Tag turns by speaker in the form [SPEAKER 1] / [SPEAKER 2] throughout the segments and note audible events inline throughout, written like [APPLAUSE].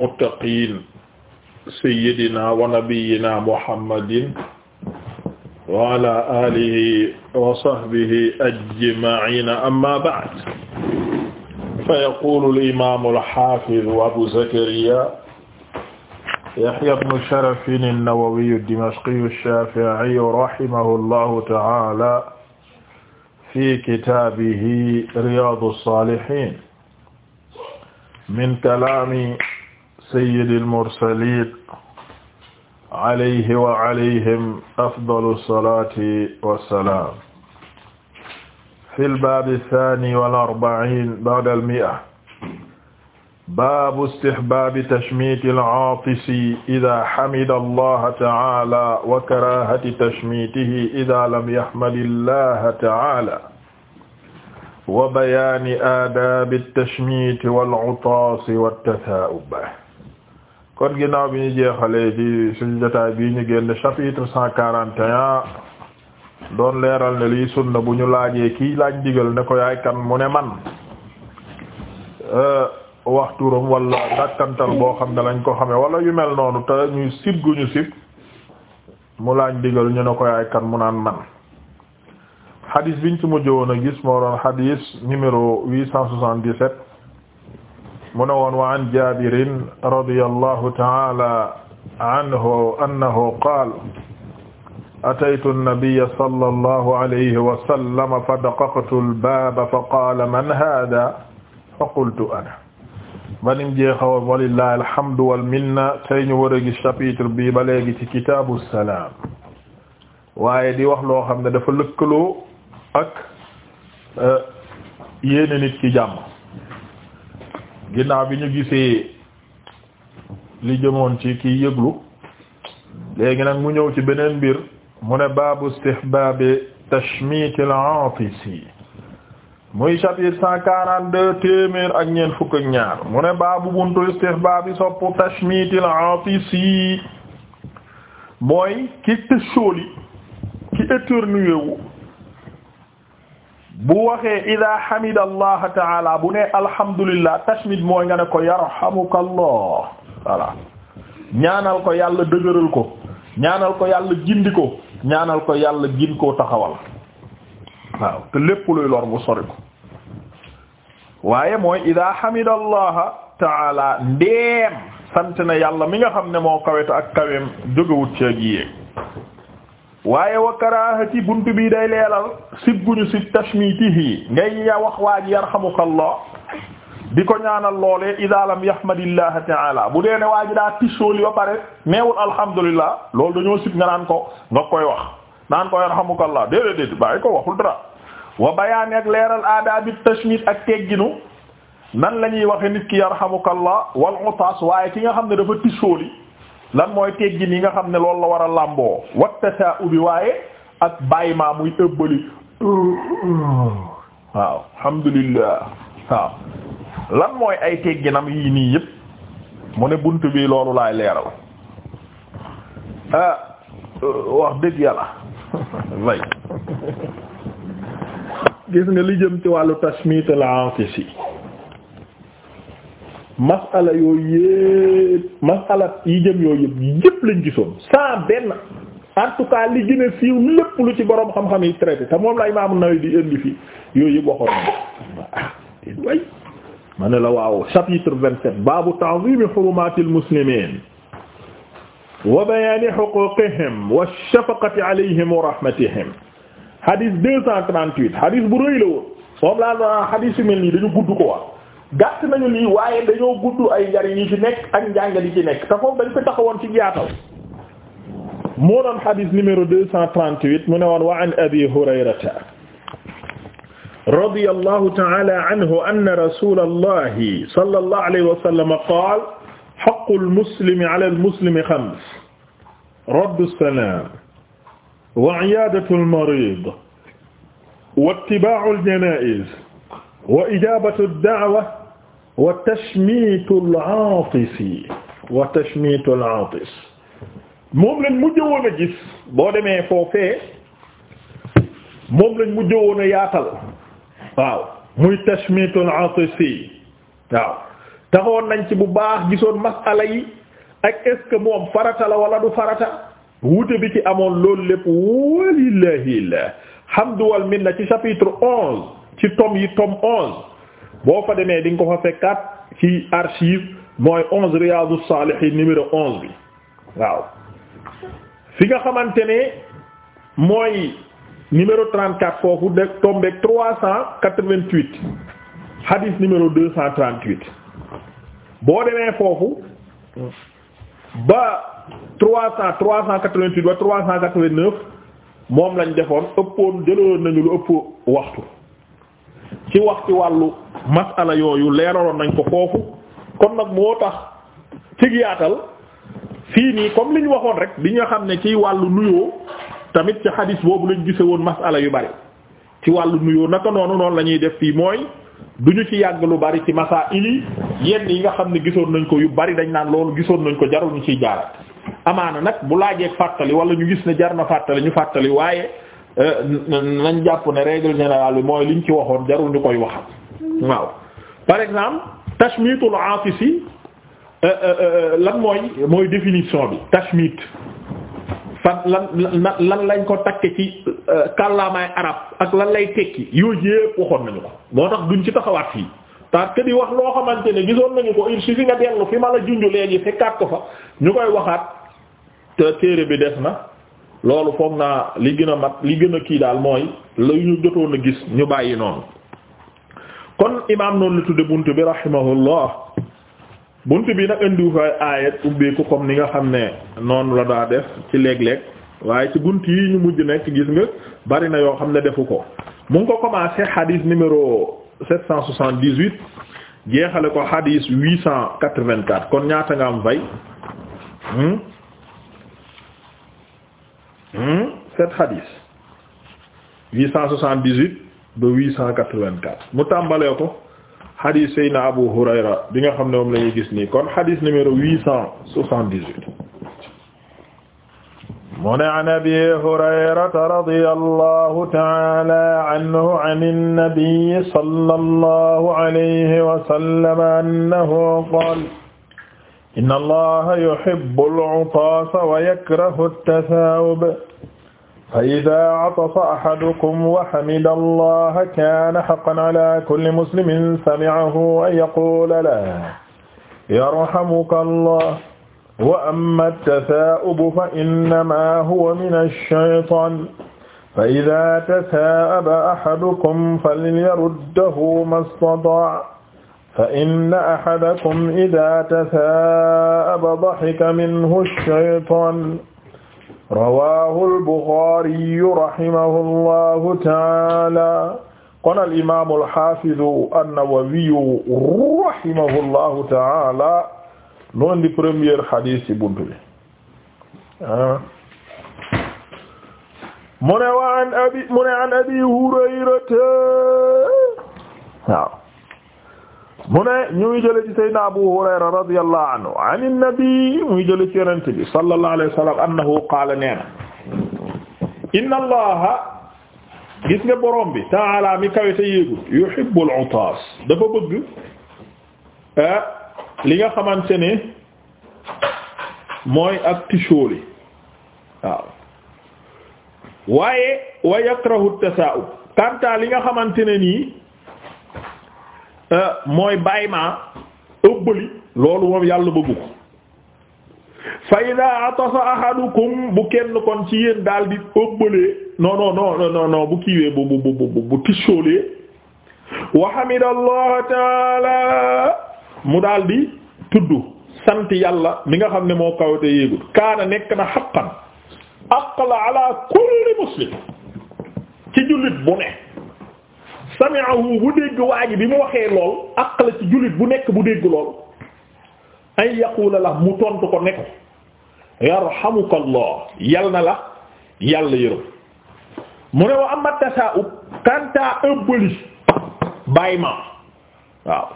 [SPEAKER 1] muttaqiin sayyidina wa nabiyyina muhammadin wa ala alihi wa sahbihi ajma'iina amma ba'd fa yaqulu al-imaam al-haafiz abu zakariyaa yahyaa ibnu sharafin an-nawawi ad-dimashqi ash-shaafi'i rahimahu allahu ta'aala fi kitaabihi riyaadu as-saalihiin min kalaami sayyidil mursaliin alayhi wa alayhim afdalu salaati wa salaam. fil baabi saani wal arba'iin ba'dal mi'a. baabu istihbaabi tashmiitil aatisi idaa hamida Allaha ta'aalaa wa karaahati tashmiitihi idaa lam yahmadillaha ta'aalaa. wa bayaani aadaabi tashmiiti wal utaasi wat tasaa'ub. kon ginnaaw bi ñu jeexalee ci suñu jotaay bii ñu génn chapitre cent quarante et doon leeral ne lii sunna bu ñu laajee kii laaj digal ne ko yaay kan mu ne man euh, waxturam wala dàkkantal boo xam ne lañ ko xamee wala yu mel noonu te ñuy sib gu ñu sib mu laaj digal ñu ne ko yaay kan mu naan man xadis biñ ci mujj woon a gis moo doon xadis numéro mu ne woon wa an jabirin radiyallahu ta'ala anhu annahu qaala ataytu an-nabiyya sallallahu alayhi wa sallam fa daqaqtu al-baaba fa qaala man haadha fa qultu ana banim jeexawoon walillahi alhamdu wal minna tey ñu war a gis chapitre bii ba léegi ci kitaabu salaam waaye di wax loo xam ne dafa lëkkaloo ak eh, yéene nit ci jàmm ginnaaw bi ñu gisee li jëmoon ci ki yëglu léegi nag mu ñëw ci beneen mbir mu ne baabu istihbaabi tashmiitil aatisi muy chapitre cent quarante deux téeméer ak ñeent fukk ak ñaar mu ne baabu buntu istihbaabi sopp tashmiitil aatisi mooy ki tëssooli ki éternué wu bu waxee ida hamida allaha taala bu ne alhamdulillah tashmid mooy nga ne ko yarhamuka allah voilà ñaanal ko yàlla dëgëral ko ñaanal ko yàlla gindi ko ñaanal ko yàlla gin ko taxawal waaw te lépp luy lor bu sori ko waaye mooy ida hamida allaha taala ndeem sant na yàlla mi nga xam ne moo kaweta ak kaweem jógawut ceeg yéeg waaye wa karaahati bunt bi day leelal sib guñu sib tashmitihi ngay wax waa ji yarhamukallah di ko ñaanal loolee idaa lam yahmadillah ta'ala bu dee ne waa ji daa tissooli ba pare neewul alhamdulillah loolu dañoo sib nga naan ko nga koy wax naan ko yarhamukallah déedéet déedéet bàyyi ko waxul dara wa bayaani ak leeral aadaabi tashmit ak tegginu nan lañuy ñuy waxe nit ki yarhamukallah wal utaas waaye ki nga xam ne dafa tissooli lan mooy teggin yi nga xam ne loolu la war a làmboo wattasaa ubbi waaye ak bàyyi maa muy ëbbali waaw alhamdulillah waaw lan mooy ay tegginam yii nii yëpp mu ne bunt bi loolu laay leeral ah wax dëgg yàlla [LAUGHS] way gis nga li jëm ci wàllu tashmiit al-aatisi masala yooyu yëpp masala yi jëm yooyu yëpp yëpp lañ gisoon sans benn en tout cas li gën a siiw lépp lu ci borom xam-xam yi traité te moom la Imaam Nawawi di indi fi yooyu yëpp waxoon na ah way ma ne la waaw chapitre vingt-sept baabu ta'zim hurumatil muslimin wa bayani huquqihim wa shafaqati alayhim wa rahmatihim hadith deux cent trente-huit hadith bu rëy la woon moom laa na hadith yu mel nii dañu gudd ko wax gàtt nañu lii waaye dañoo gudd ay njariñ yi ci nekk ak njàngal yi ci nekk te foofu dañ ko taxawoon ci jaatal moo doon xadiis numéro deux cent trente-huit mu ne woon wa an abi hurayrata radiyallahu ta'ala anhu anna rasulallahi sallallahu alayhi wa sallam qaala haqqul muslimi ala al-muslimi khams raddu as-salaam wa iyaadatu al-mariid wa ittibaa'u al-janaa'iz wa ijaabatu ad-da'wa wa tashmiitul aatis wa tashmiitul aatis moom lañ mujj woon a gis boo demee foofee moom lañ mujj woon a yaatal waaw muy tashmiitul aatis waaw taxoon nañ ci bu baax gisoon masala yi ak est-ce que moom farata la wala du farata wuute bi ci amoon loolu lépp walillahi alhamdu wal minna ci chapitre onze ci tome yi tome onze boo fa demee di nga ko fa fekkaat ci archive mooy onze Riyadou Salihine numéro onze bi waaw fi nga xamante ne mooy numéro 34 foofu de tombé 388 hadis numéro 238 boo demee foofu ba 300 388 ba 389 moom lañ defoon ëppoon jëloon nañu lu ëpp waxtu ci wax ci wàllu. masala yooyu leeraloon nañ ko foofu kon nag moo tax ci yaatal fii nii comme li ñu waxoon rek bi nga xam ne ci wàllu nuyoo tamit ci xadis boobu lañ gise woon masala yu bari ci wàllu nuyoo naka noonu noonu la ñuy def fii mooy du ñu ci yàgg lu bari ci masa ili yenn yi nga xam ne gisoon nañ ko yu bari dañ naan loolu gisoon nañ ko jarul ñu ciy jaarat amaana nag bu laajee fàttali wala ñu gis ne jar na fàttali ñu fàttali waaye euh, nañ jàpp ne règle générale bi mooy liñ ci waxoon jarul koy waxal waaw par exemple tashmitul aafisi euh, euh, euh, lan mooy mooy définition bi tashmit fan lan lan lan lañ ko takke ci kàllaamaay arab ak lan lay tekki yooyu yépp waxoon nañu ko moo tax duñ ci taxawaat fii parce que di wax loo xamante ne gisoon nañu ko il suffit nga dellu fi ma la junj léegi fekkaat ko fa ñu koy waxaat te téere bi des na loolu foog naa li gën a mat li gën a kii daal mooy la ñu jotoon a gis ñu bàyyi noonu kon imaam noonu la tudde buntu bi rahimahullah buntu bi nag indiwu fay aayat ubbeeku comme ni nga xam ne noonu la daa def ci léeg-léeg waaye ci bunt yi ñu mujj nekk gis nga bari na yoo xam ne defu ko mu ngi ko commencé hadith numéro 778 jeexale ko hadith 884 kon ñaata nga am fay hmm? Hmm? sept hadith 878 ba 884 mu tàmbalee ko hadith Seyna Abu Hurayra bi nga xam ne moom la ñuy gis nii kon hadith numéro 878 mu ne an Abi Hurayrata radiyallahu ta'ala anhu an an-nabi sallallahu alayhi wa sallam annahu qala inna allaha yuhibbu al-'utasa wa yakrahu at-tathawub fa ida atasa ahadukum wa hamida allah kana haqqan ala kulli muslimin sami'ahu an yaqula lahu yarhamuka allah wa amma at-tatha'ubu fa innama huwa min ash-shaytan fa ida tatha'aba ahadukum falyaruddahu ma istata'a fa inna ahadakum ida tatha'aba dahika minhu ash-shaytan rawahu albuxariyu rahimahu allahu taala kon alimamu alhafidu annawawiyu rahimahu allahu taala loon di premier hadis ci buntu bi ah. mu ne wa an abi mu ne an abi hurayrata waaw mu ne ñu ngi jële ci saydna abu hurayra radiyallahu anhu an innabi muy jële ci yonente bi sallallahu alayhi wa sallam annahu qaala nee na inna allaha gis nga borom bi ta'ala mi kawite yéegul yuhibbul utaas dafa bëgg ah, li nga xamante ne mooy ak tichooli waaw waaye wa yakrahu tasaa'ub kanta li nga xamante ne nii Euh, mooy bàyyi maa ëbbali loolu moom yàlla bëggu ko fa atasa ahadukum bu kenn kon ci yéen daal di ëbbalee non non non non bu kiiwee bu bu bu bu bu tisoolee mu daal di tudd sant yàlla mi nga xam ne moo kawate yéegul kaana nekk na haqqan aqla ala kulli muslim ci jullit bu ne sami'ahu bu dégg waa ji bi mu waxee lool àq la ci jullit bu nekk bu dégg lool an yaqula la mu tontu ko ne ko yarhamuka allah yal na la yàlla yërëm mu ne wa amma tasaa'ub kanta ëbbali bàyyima waaw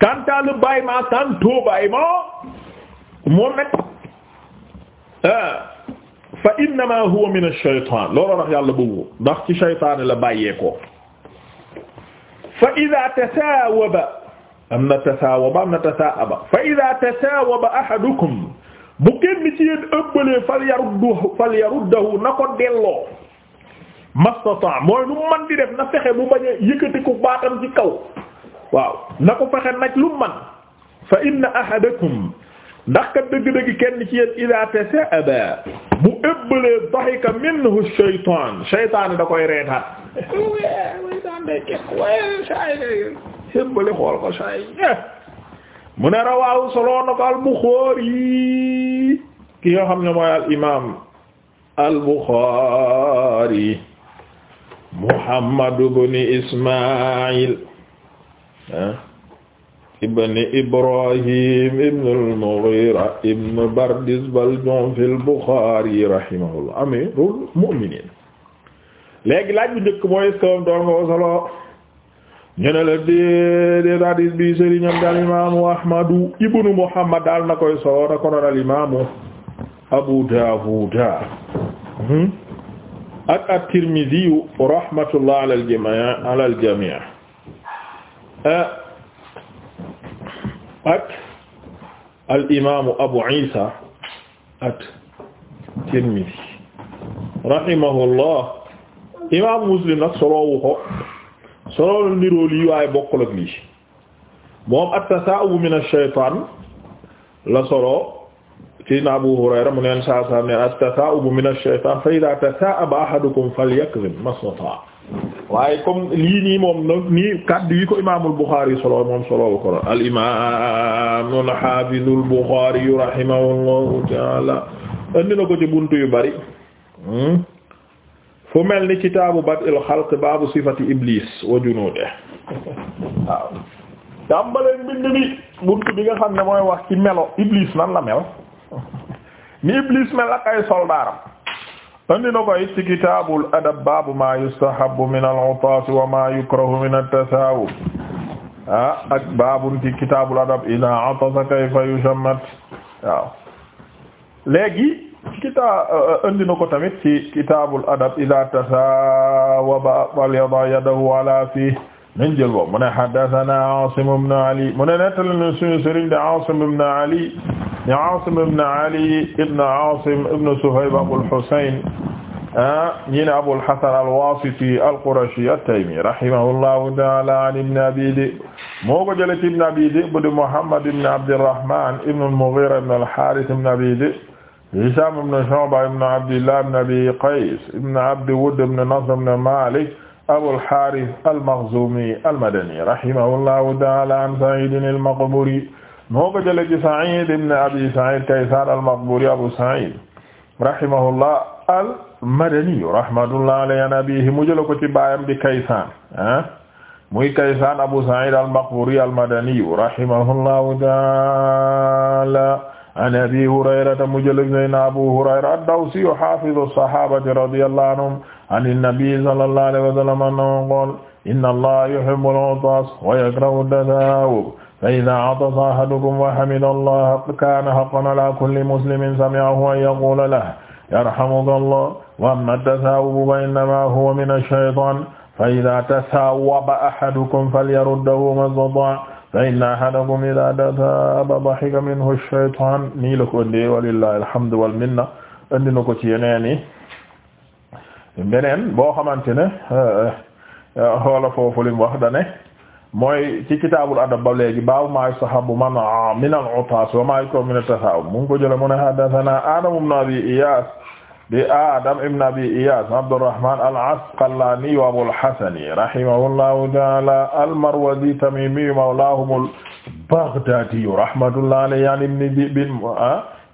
[SPEAKER 1] kanta le bàyyima kanto bàyyima moom nag ah, fa innama huwa min ash-shaytan loolu tax yàlla bëggu ndax ci shaytaan la bàyyeekoo fa idaa tasaawaba am na tasaawaba am na tasaaba fa idaa tasaawaba ahadukum bu kenn ci yéen ëbbalee fal yaruddahu fal yaruddahu na ko delloo mastata mooy lu man di def na fexe bu bañ a yëkkati ko baatam ci kaw waaw na ko fexe naj lu man fa inna ahadakum ndax kat dëgg-dëgg kenn ci yéen ida tasaaba bu ëbbalee dahika minhu shaytaan shaytaan da koy reetaat naan day kekk waaye saa yi day xébbali xool ko saa yi eh. mu ne rawaawu solo na ko al Buxaari ki nga xam ne mooy al imaam al Buxaari Muhammad ibn Ismaayil eh, ibn Ibrahim ibn al-Mughira ibn Bardizbah al-Ju'fi al-Buxaari rahimahullah amiirul mu'miniin léegi laaj bu njëkk mooy est-ce que moom doon ko solo ñu ne la déedéet hadis bi sëriñam daal imaamu ahmadu ibnu muhammad daal na koy solo na ko noon al imaamu abu daawuda hmm? ak at-tirmidhi rahmatullah ala al-jamii ala al-jamii eh, ak al imaamu abu isa at-tirmidhi rahimahullah imaamu muslim nag soloowu ko soloolu niroo lii waaye bokkul ak lii moom at-tasaa'ub min ash-shaytaan la solo ci Abu Hurayra mu neen saa saa ne at-tasaa'ub min ash-shaytaan fa idhaa tasaa'aba ahadukum falyakzim masnata waaye comme lii nii moom nag nii kaddu yi ko imaamul Bukhari solo moom solo ko al imaam al-haafizul Bukhari rahimahullahu ta'ala andi na fu mel ni kitaabu bad'il xalq baabu sifati iblis wa junuude waaw tàmbaleen mbind bi bunt bi nga xam ne mooy wax ci melo iblis nan la mel ni iblis mel ak ay soldaaram andi na ko it adab baabu ma yustahabu min al-utaas wa ma yukrahu min at-tasaawub ah ak baabun adab idaa atasa kayfa yushammat waaw léegi kitaa uh, andi na ko tamit ci kitaabul adab idaa tasaawaba falyada yadahu ala fii nañ jël boobu mu ne haddasanaa Aasim ibn Ali mu ne nettali na suñu sëriñ di Aasim ibn Ali di Aasim ibn Ali ibn Aasim ibn Suhayb Abul Husayn ah, ñi ne Abul Hasan al-Waasiti al-Qurashi at-Taymi rahimahullahu ta'aala an ibn Abi Dhi'b moo ko jëlee ci ibn Abi Dhi'b di Muhammad ibn Abdirrahmaan ibn al-Mughiira ibn al-Haarith ibn Abi Dhi'b Hishaam ibn Shu'ba ibn Abdillah ibn Abi Qays ibn Abdi Wudd ibn Nasr ibn Maalik Abul Haarith al-Makhzumi al-Madani rahimahullahu ta'aala an Sa'iid al-Maqburi moo ko jëlee ci Sa'iid ibn Abi Sa'iid Kaysaan al-Maqburi Abu Sa'iid rahimahullah al-Madani rahmatullahi alayhi an abiihi mu jëlee ko ci baayam di Kaysaan ah muy Kaysaan Abu Sa'iid al-Maqburi al-Madani rahimahullahu ta'aala an abi hurayrata mu jëlëg sayna abu hurayra ad-dawsi hafizu sahabati radiyallahu anhum an an-nabi sallallahu alayhi wa sallam annahu qala inna allaha yuhibbu al-'uttas wa yakrahu at-tadhawub fa idha 'atasa ahadukum wa hamida allaha kana haqqan ala kulli muslimin sami'ahu an yaqula lahu yarhamuka allah wa amma at-tathawub fa innama huwa min ash-shaytan fa idha tasawwaba ahadukum falyaruddahu ma istata'a fa inna ahadakum idha daaba dhahika minhu shaytaan nii la ko ëndee walillahi alhamdu wal minna andi na ko ci yeneen yi beneen boo xamante ne xoola foofu lim wax da ne mooy ci kitaabul adab ba baabu maa yustahabbu man min al-'utaas wa maa yukrahu min at-tasaa'um mu ngi ko jëlee mu ne Iyaas di Adam ibn Abi Iyas Abdurrahman al-Asqalani wa Abul Hasan rahimahullahu ta'ala al-Marwazi tamimi mawlahum al-Baghdadi rahmatullahi alayhi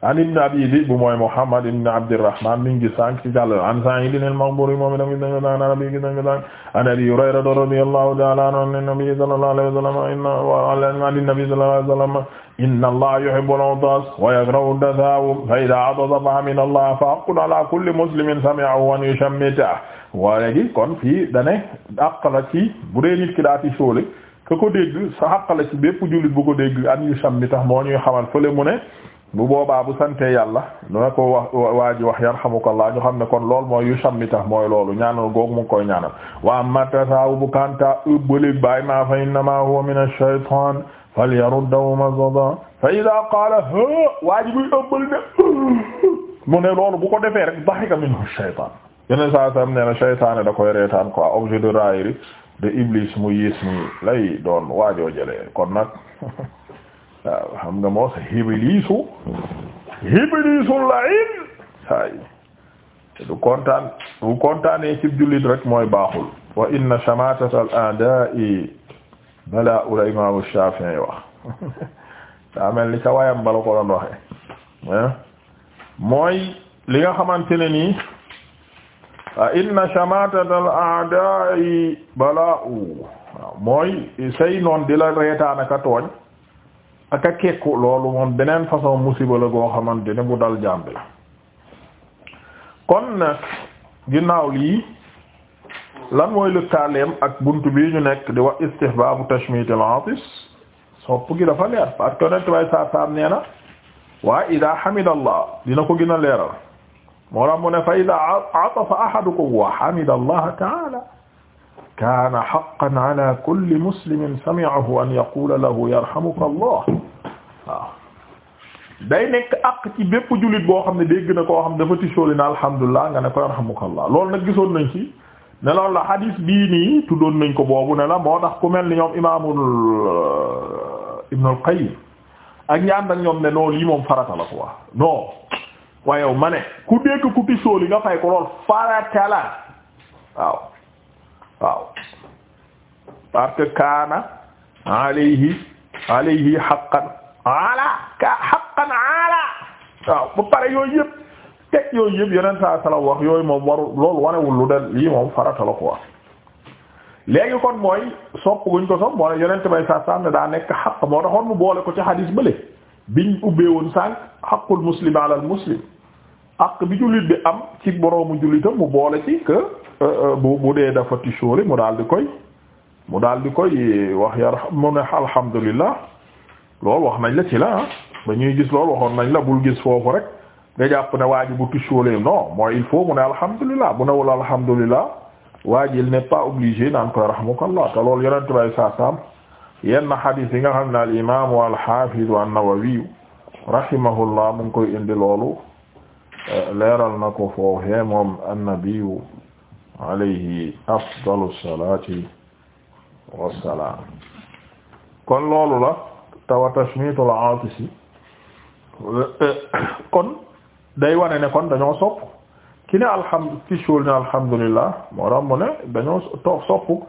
[SPEAKER 1] an ibn abi Dhi'b bu mooy Muhammad ibn Abdirrahman mi ngi sànq ci jàll an Sa'id al-Maqburi moom itam gis nañ ko daan Nabi gis nañ ko daan an Abi Hurayra radiyallahu ta'ala anhu an Nabi sallallahu alayhi wa sallam inna an Nabi sallallahu alayhi wa sallam inna Allaha yuhibbul 'uttas wa yakrahu ad-dathaaw fa idha 'atasa fa min Allah fa haqqun 'ala kulli muslimin sami'ahu an yushammitahu waaye kon fii dane àq la ci bu dee nit ki daa ci sóole ka ko dégg sa àq la ci bépp jullit bu ko dégg an yushammitahu moo ñuy xamal fële mu ne bu boobaa bu sante yàlla duna ko wax waa ji wax yarhamukallah ñu xam ne kon lool mooy yu sammita mooy loolu ñaanal goog mu ngi koy ñaanal wa matasaw bu kanta ëbbalik bàyyi ma fa innama huwa min ash-shaytan falyaruddahu mazada fa ida qaala ha waa ji buy ëbbal ne mu loolu bu ko defee rek dahika minhu ash-shaytan yeneen saa sam ne na da koy reetaan quoi objet de raillerie de iblis mu yiis mi lay doon waajoo jëlee kon nag [LAUGHS] waaw xam nga moo sa hibiliisu hibiliisu lain saay du kontaan bu kontaanee rek mooy baaxul wa inna shamatata al a'da'i bala ula imam Shafi'i wax [LAUGHS] daa mel ni ca wayam bala ko doon waxe eh? mooy li nga xamante ne nii inna shamatata al a'da'i balaa u mooy say noon di la reetaanaka tooñ ak loolu moom façon musiba la xamante ne bu dal jaam bi kon nag ginnaaw lii lan mooy lëkkaaleem ak bunt bi ñu nekk di wax istihbaabu tashmit al-aatis sopp gi dafa leer parce que nent bay saa saam nee na waa ida hamidallah dina ko gën a leeral moo ne fa ida atafa ahadukum wa hamidallah taala kaana haqqan ala kulli muslimin sami'ahu an yaqula lahu yarhamuka allah day nekk àq ci bépp julit boo xam ne dégg na ko xam dafa tisooli na alhamdulilah nga ne ko yarhamuka allah loolu nag gisoon nañ ci ne lool la hadis bii nii tuddoon nañ ko boobu ne la moo tax ku mel ni ñoom imaamul euh, Ibnul Qayyim ak ñaan nag ñoom ne noonu lii moom farata la quoi non waaye ma ne ku dégg ku tisooli nga fay ko lool farata la waaw parce que kaana alayhi alayhi haqqan ala ka haqqan ala waaw ba pare yooyu yëpp teg yooyu yëpp yeneen saa sala wax yooyu moom waru loolu wanewul lu del lii moom farata la quoi kon mooy sopp guñ ko sopp moo ne yonent bay saa saam ne daa nekk xaq moo taxoon mu boole ko ci xadiis bële biñ ubbee woon sànq xaqul muslim ala al muslim ak bi jullit bi am ci boroomu jullitam mu boole ci que euh, euh, bu bu dee dafa tisóore mu daal di koy mu daal di koy wax yar mu ne alhamdulillah loolu wax nañ la ci la ah. ba ñuy gis loolu waxoon nañ la bul gis foofu rek nga jàpp ne waa ji bu tisóore non mooy il faut mu ne alhamdulillah bu newul alhamdulillah waa ji il n'est pas obligé naan koy rahmukallah te loolu yonent bay saa saam yenn xadiis yi nga xam ne al imaamu al xaafizu an-Nawawi rahimahullah mu koy indi loolu leeral na ko foofee moom annabiyu alayhi afdalu salaati wassalaam kon loolu la tawa tashmitul aatisi kon day wane ne kon dañoo sopp ki ne alhamdu ki suul ne alhamdulillah moo tax ne dañoo toog soppu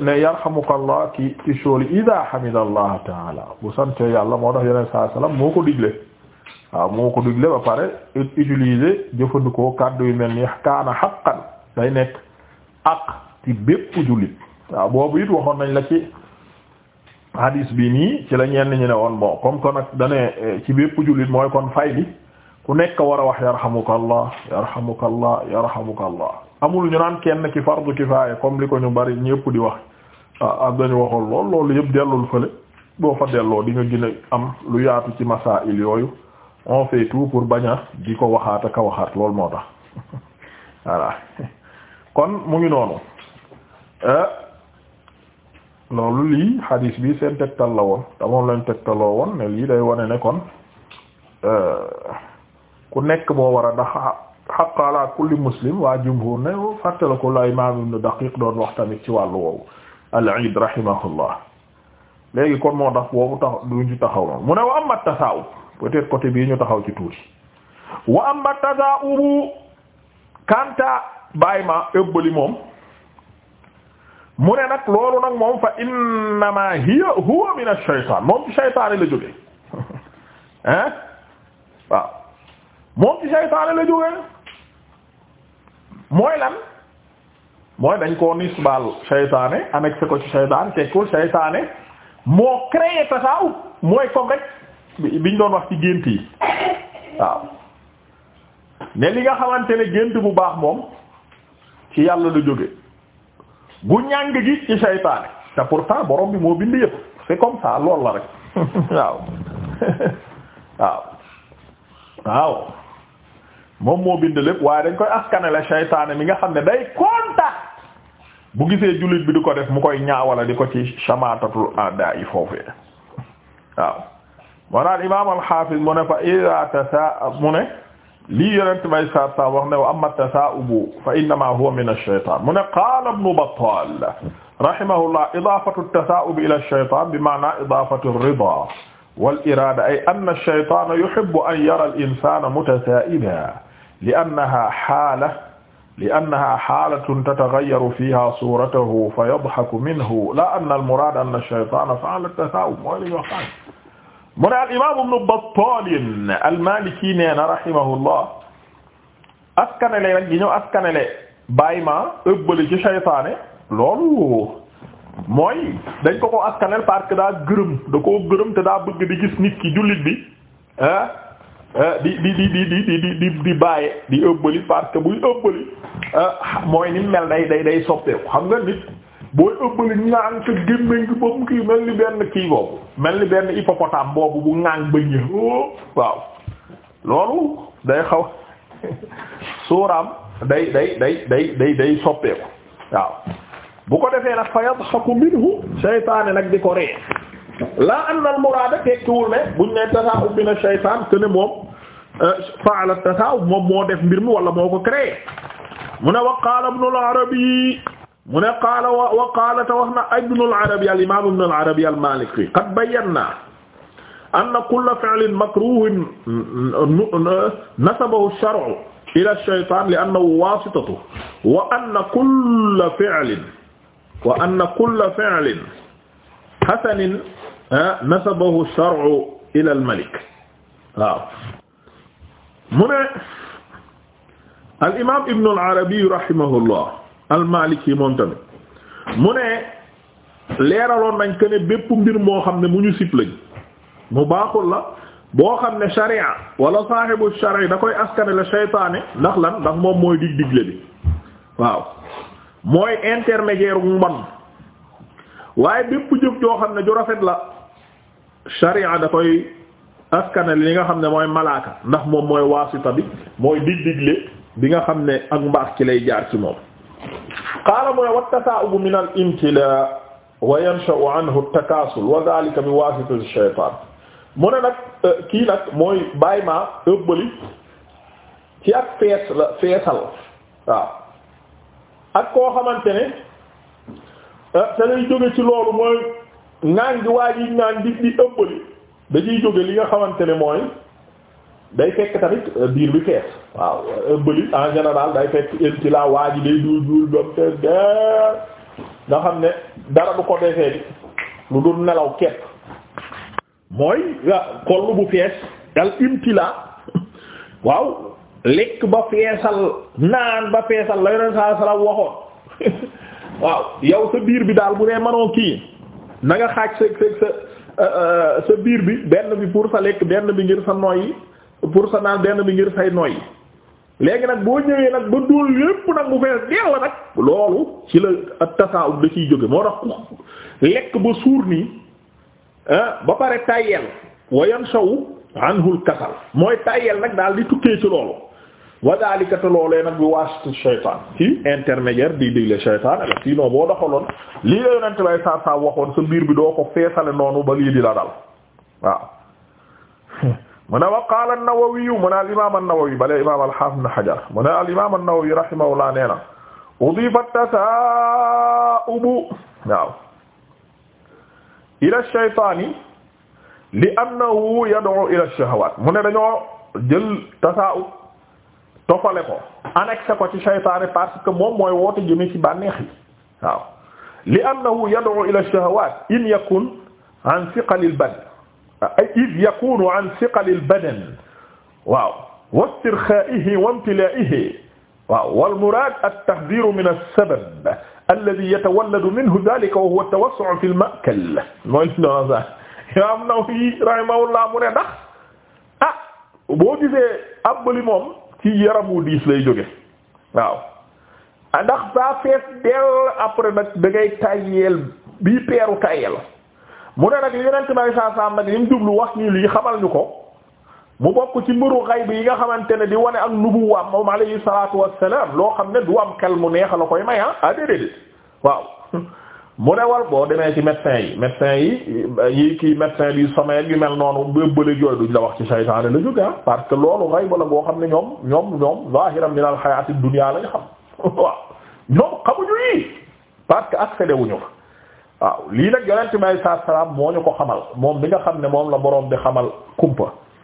[SPEAKER 1] ne yarhamukallah ki ki suul idaa hamidallah taala bu sante yàlla moo tax yeneen saa salaam moo ko digle waaw moo ko digle ba pare utiliser jëfandikoo kàddu yu mel ni kaana xaqan day nekk ak ci bépp jullit waaw boobu it waxoon nañ la ci hadis bi nii ci la ñenn ñu ne woon bon comme que nag dane eh, ci bépp jullit mooy kon fay bi ku nekk war a wax yarhamukallah yarhamukallah yarhamukallah amul ñu naan kenn ki fardu kifaaya comme li ko ñu bari ñëpp di wax ah am ah, dañu waxoon lool loolu yëpp dellul fële boo fa delloo di nga am lu yaatu ci masaa'il yooyu on fait tout pour bañ di ko waxaat ak waxaat loolu moo tax [LAUGHS] voilà kon mu ngi noonu euh, loolu lii hadis bi seen tegtal la woon te moom tegtaloo woon ne lii day wane ne kon euh, ku nekk boo war a ndax xaq ala kulli muslim waa jumhur ne fàttala ko la imam ibn daqiq doon wax tamit ci wàllu woowu al-Iid rahimahullah léegi kon moo tax boobu tax duñ ci taxaw noonu mu ne wa amma tasaawub peut-être côté bii ñu taxaw ci tuuti wa am ba tasaa ubu kanta bàyyi ma ëbbali moom mu ne nag loolu nag moom fa innama hiya huwa min ash-shaytan moom ci shaytaane la jógee [LAUGHS] hein waaw moom ci shaytaane la jógee mooy lan mooy dañ koo nisbaal shaytaane annexé ko ci shaytaane tekkul shaytaane moo créé tasaawub mooy comme rek bi biñ doon wax ci gént yi waaw ne li nga xamante ne gént bu baax moom ci yàlla la jóge gu ñàng gi ci seytaane te pourtant borom bi moo bind yëpp c'est comme ça lool la rek [LAUGHS] waaw [LAUGHS] waaw waaw moom moo bind lépp waaye dañ koy askanale seytaane mi nga xam ne day contact bu gisee jullit bi di ko def mu koy ñaawala di ko ci shamatatul ada yi waaw wana al imam alhafiz mu ne fa ida tasa mu ne lii yonent bay sa sa wax ne wa amma tasaubu fa innama huwa min alshaytan mu ne qaala ibnu battal rahimahullah idafatu tasaubi ila alshaytan bi maana idafatu alrida wal irada ay anna alshaytana yuhibbu an yara alinsana mutasaiba li annaha xaala li annaha xaalatun tatagayyaru fiha suratahu fa yadhaku minhu la anna almurada anna alshaytana fa'ala altasaub mu ne al imaam ibnu Battaal al-Maaliki nee na rahimahullah askanale nag gi ñëw askanale bàyyi ma ëbbali ci saytaane loolu mooy dañ ko ko askanel parce que daa gërëm da koo gërëm te daa bëgg di gis nit ki jullit bi ah, ah, di di di di di di di ëbbali parce buy ëbbali ah, mooy ni mel day day day soppeeku xam nga nit booy ëbbali ñaan sa gémmiñ gi boobu kii mel ni benn kii boobu mel ni benn hippopotame boobu bu ŋaaŋ bëññee waaw loolu day xaw suuraam [LAUGHS] day day day day day day soppeeku waaw bu ko defee nag fa yadhaku minhu seytaane nag di ko ree laa anna al muraada tekkiwul ne buñ ne tasaawub bi na seytaan te moom euh, faala tasaawub moom moo def mbir mi wala moo ko créé mu ne wa qaala ibnu al mu ne qaala wa qaala te wax na ibnu al-Arabi al-imaam ibnu al-Arabi al-Maaliki qad bayyannaa anna kulla fi'lin makruuhin nasabahu ash-shar'u ila ash-shaytaan li-annahu waasitatuhu wa anna kulla fi'lin wa anna kulla fi'lin hasanin nasabahu ash-shar'u ila al-malik waaw mu ne al-imaam ibnu al-Arabi rahimahullah al-Maliki moom tamit mu ne leeraloon nañ que ne bépp mbir moo xam ne mu ñu sib lañ mu baaxul la boo xam ne sharia wala saaxibu sharia da koy askane la seytaane ndax lan ndax moom mooy dig digle waaw mooy intermédiaire mu man waaye bépp jëf joo xam ne ju rafet la sharia da koy askane li nga xam ne mooy malaaka ndax moom mooy waasita bi mooy dig digle bi nga xam ne ak mbaax ci lay jaar ci moom qaala mu ne wa tasaa'ubu min al imtilaa wa yansha'u anhu takaasul wa dhaalika bi waasitati shaytaan mu nag euh, kii mooy bàyyi ma ëbbali ak fees la feesal waaw ak koo xamante ne te euh, lay jóge ci loolu mooy ngaan gi waa di di ëbbali dañuy jóge li nga xamante ne mooy day fekk tamit euh, biir bi fees waaw euh, bëli en général day fekk intila waa ji day duur duur bam te der nga xam ne dara du ko defee bi lu dul nelaw kepp mooy ah, koll bu fees dal intila [LAUGHS] waaw lekk ba feesal naan ba feesal la yoneen saa sala waxoon [LAUGHS] waaw yow sa biir bi daal bu dee manoo kii nanga nga xaaj sa sa euh, sa biir bi benn bi pour sa lekk benn bi ngir sa noyyi pour sa naan benn bi ngir say noyyi léegi nag boo ñëwee nag ba dóol yépp nag mu fees deel la nag loolu ci la ak tasaawut da ciy jóge moo tax ku lekk ba suur nii ah, ba pare tàyyeel wayan sawu anhul kasal mooy tàyyeel nag daal di tukkee ci loolu wa daalika te loolee nag bi waasiti shaytaan ci intermédiaire di digle shaytaan ak sinon boo doxaloon lii la yonent bay saa saa waxoon sa biir bi doo ko feesale noonu ba lii di la dal waaw mu ne wa qaala an-Nawawi mu ne al-imaam an-Nawawi bale imaam al-haafiz ibn Hajar mu ne al-imaam an-Nawawi rahimahullah nee na udifa at-tasaa'ubu waaw ila ash-shaytaani li annahu yad'u ila ash-shahawaat mu ne dañoo jël tasaa'ub tofale ko annexé ko ci shaytaani parce que moom mooy woote jëme ci bànneex yi waaw li annahu yad'u ila ash-shahawaat in yakun an thiqalil badn ay iz yakunu an thiqal al badan waaw wa istirkhaa'ihi wa imtilaa'ihi waaw wal muraad at-tahdhiir min as-sabab alladhii yatawalladu minhu dhaalika wa huwa at-tawassu' fi al-ma'kal mooy loolu sax Imaam Nawawi rahimahullah mu ne ndax ah boo gisee abbali moom ci yaram wu diis lay jóge waaw ah, ndax saa fees dell après nag da ngay tayyeel bii peeru tayyeel mu ne nag li yonent bi saa saa nag li mu jublu wax ñu lii xamal ñu ko mu bokk ci mbiru bi yi nga xamante ne di wane ak nubuwaam moom alayhi salaatu wassalaam loo xam ne du am xel mu neex la koy may ah déedéet waaw [LAUGHS] mu ne war boo demee ci médecin yi médecin yi yi kii médecin bi sommeil yu mel noonu bëbbale jooy duñ la wax ci saytaane la jóge ah, parce que loolu xayb la boo xam ne ñoom ñoom ñoom zahiram min al hayaati dunya lañ xam [LAUGHS] waaw ñoom xamuñu yi parce que accédé waaw lii nag yonent bi alayhi salaam moo ñu ko xamal moom bi nga xam ne moom la boroom bi xamal kumpa